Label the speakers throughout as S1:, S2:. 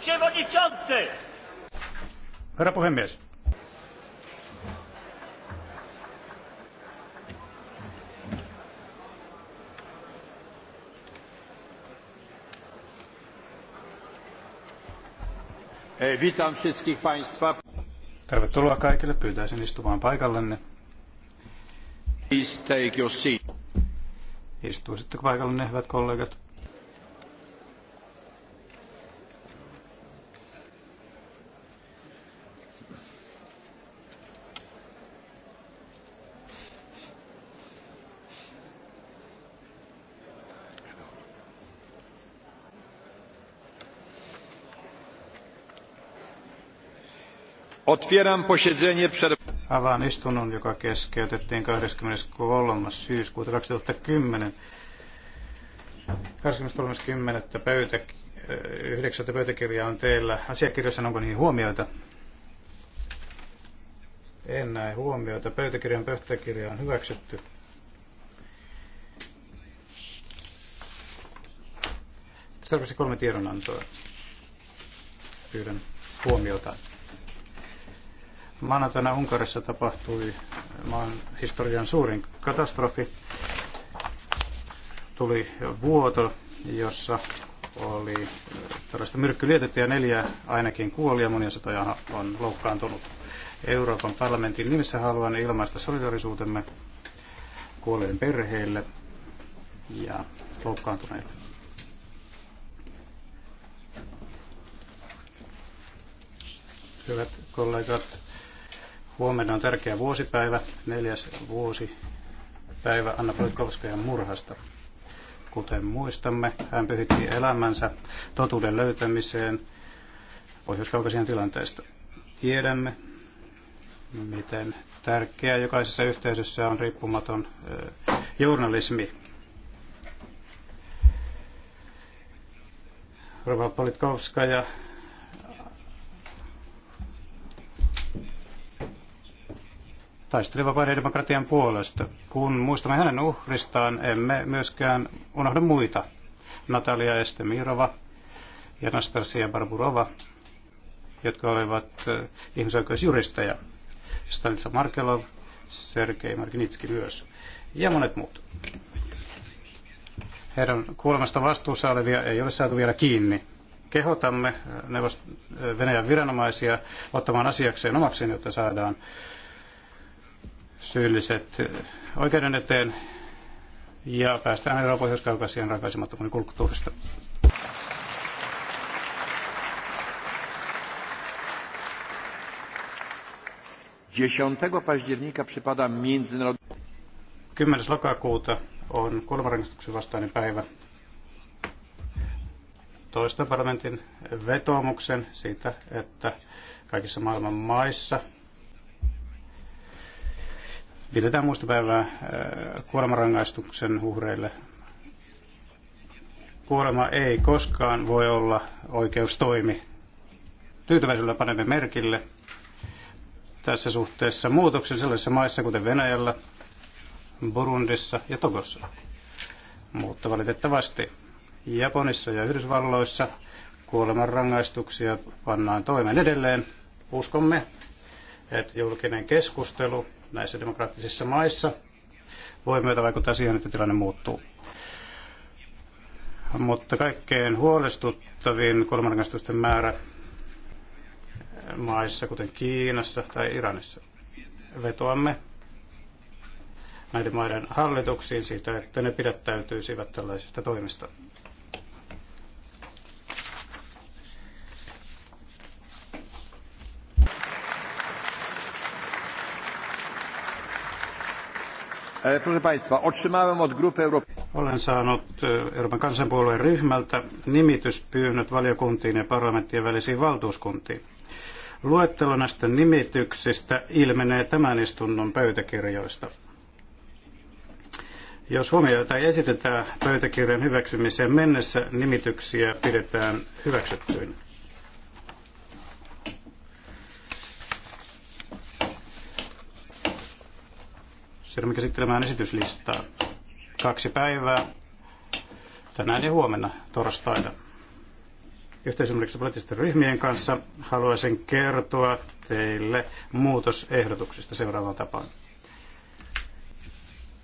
S1: przewodniczący! Herra puhemies. Witam wszystkich Państwa. Tervetuloa kaikille. Pyytäisin istumaan paikallenne. Please take your seat. Istuisitteko paikallenne, hyvät kollegat? Otwieram posiedzenie przerw... Avaan istunnon, joka keskeytettiin 23. syyskuuta 2010. 23.10. pöytä, 9. Eh, pöytäkirja on teillä. Asiakirjassa onko niihin huomioita? En näe huomioita. Pöytäkirjan pöytäkirja on hyväksytty. Seuraavaksi kolme tiedonantoa. Pyydän huomiota. Maanantaina Unkarissa tapahtui maan historian suurin katastrofi. Tuli vuoto, jossa oli äh, tällaista myrkkylietettä ja neljä ainakin kuoli ja monia satoja on loukkaantunut. Euroopan parlamentin nimissä haluan ilmaista solidarisuutemme kuolleen perheille ja loukkaantuneille. Hyvät kollegat, Huomenna on tärkeä vuosipäivä, neljäs vuosipäivä Anna Politkovskajan murhasta. Kuten muistamme, hän pyhitti elämänsä totuuden löytämiseen pohjois tilanteesta. Tiedämme, miten tärkeää jokaisessa yhteisössä on riippumaton journalismi. Rova Politkovskaja, taisteli vapaiden demokratian puolesta. Kun muistamme hänen uhristaan, emme myöskään unohda muita. Natalia Estemirova ja Nastasia Barburova, jotka olivat eh, ihmisoikeusjuristeja. Stanislav Markelov, Sergei Marginitski myös ja monet muut. Heidän kuolemasta vastuussa olevia ei ole saatu vielä kiinni. Kehotamme neuvost- eh, Venäjän viranomaisia ottamaan asiakseen omakseen, jotta saadaan syylliset oikeuden eteen ja päästään eroon Pohjois-Kaukasian rankaisemattomuuden kulttuurista. Dziesiątego października przypada międzynarodowy... 10. lokakuuta on kuolemanrangaistuksen vastainen päivä. Toista parlamentin vetoomuksen siitä, että kaikissa maailman maissa – Pidetään muistopäivää äh, kuolemanrangaistuksen uhreille. Kuolema ei koskaan voi olla oikeustoimi. Tyytyväisyydellä panemme merkille tässä suhteessa muutoksen sellaisissa maissa kuten Venäjällä, Burundissa ja Togossa. Mutta valitettavasti Japanissa ja Yhdysvalloissa kuolemanrangaistuksia pannaan toimeen edelleen. Uskomme, että julkinen keskustelu näissä demokraattisissa maissa voi myötä vaikuttaa siihen, että tilanne muuttuu. Mutta kaikkein huolestuttavin kuolemanrangaistusten määrä maissa, kuten Kiinassa tai Iranissa, vetoamme näiden maiden hallituksiin siitä, että ne pidättäytyisivät tällaisista toimista. E, Olen saanut e, Euroopan kansanpuolueen ryhmältä nimityspyynnöt valiokuntiin ja parlamenttien välisiin valtuuskuntiin. Luettelo näistä nimityksistä ilmenee tämän istunnon pöytäkirjoista. Jos huomioita ei esitetä pöytäkirjan hyväksymiseen mennessä, nimityksiä pidetään hyväksyttyinä. Siirrymme käsittelemään esityslistaa. Kaksi päivää tänään ja huomenna torstaina. Yhteisymmärryksessä poliittisten ryhmien kanssa haluaisin kertoa teille muutosehdotuksista seuraavaan tapaan.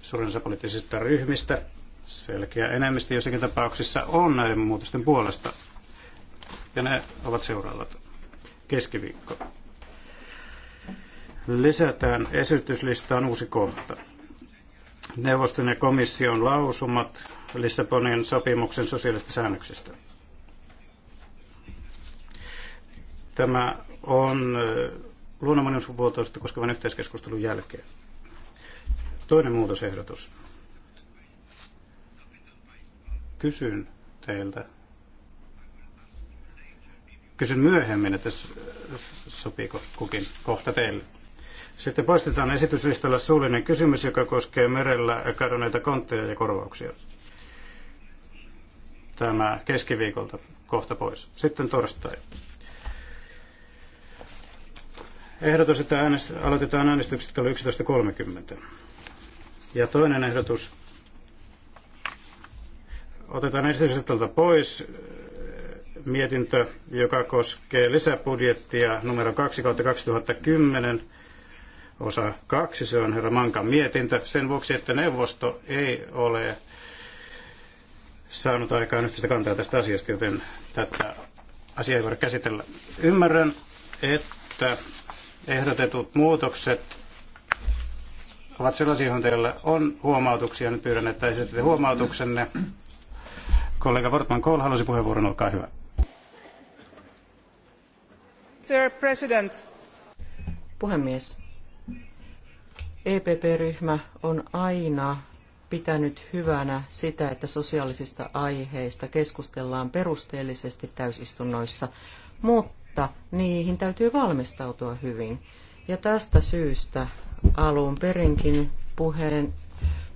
S1: Suurin osa poliittisista ryhmistä, selkeä enemmistö jossakin tapauksissa, on näiden muutosten puolesta. Ja ne ovat seuraavat. Keskiviikko lisätään esityslistaan uusi kohta. Neuvoston ja komission lausumat Lissabonin sopimuksen sosiaalista säännöksistä. Tämä on äh, luonnon monimuotoisuutta koskevan yhteiskeskustelun jälkeen. Toinen muutosehdotus. Kysyn teiltä. Kysyn myöhemmin, että sopiiko kukin kohta teille. Sitten poistetaan esityslistalla suullinen kysymys, joka koskee merellä kadonneita kontteja ja korvauksia. Tämä keskiviikolta kohta pois. Sitten torstai. Ehdotus, että äänest- aloitetaan äänestykset kello 11.30. Ja toinen ehdotus. Otetaan esityslistalta pois äh, mietintö, joka koskee lisäbudjettia numero 2 2010 osa kaksi, se on herra Mankan mietintö, sen vuoksi, että neuvosto ei ole saanut aikaan yhteistä kantaa tästä asiasta, joten tätä asiaa ei voida käsitellä. Ymmärrän, että ehdotetut muutokset ovat sellaisia, joihin teillä on huomautuksia. Nyt pyydän, että esitätte huomautuksenne. Kollega Wortman Kohl halusi puheenvuoron, olkaa hyvä. Sir President. Puhemies, EPP-ryhmä on aina pitänyt hyvänä sitä, että sosiaalisista aiheista keskustellaan perusteellisesti täysistunnoissa, mutta niihin täytyy valmistautua hyvin. Ja tästä syystä alun perinkin puheen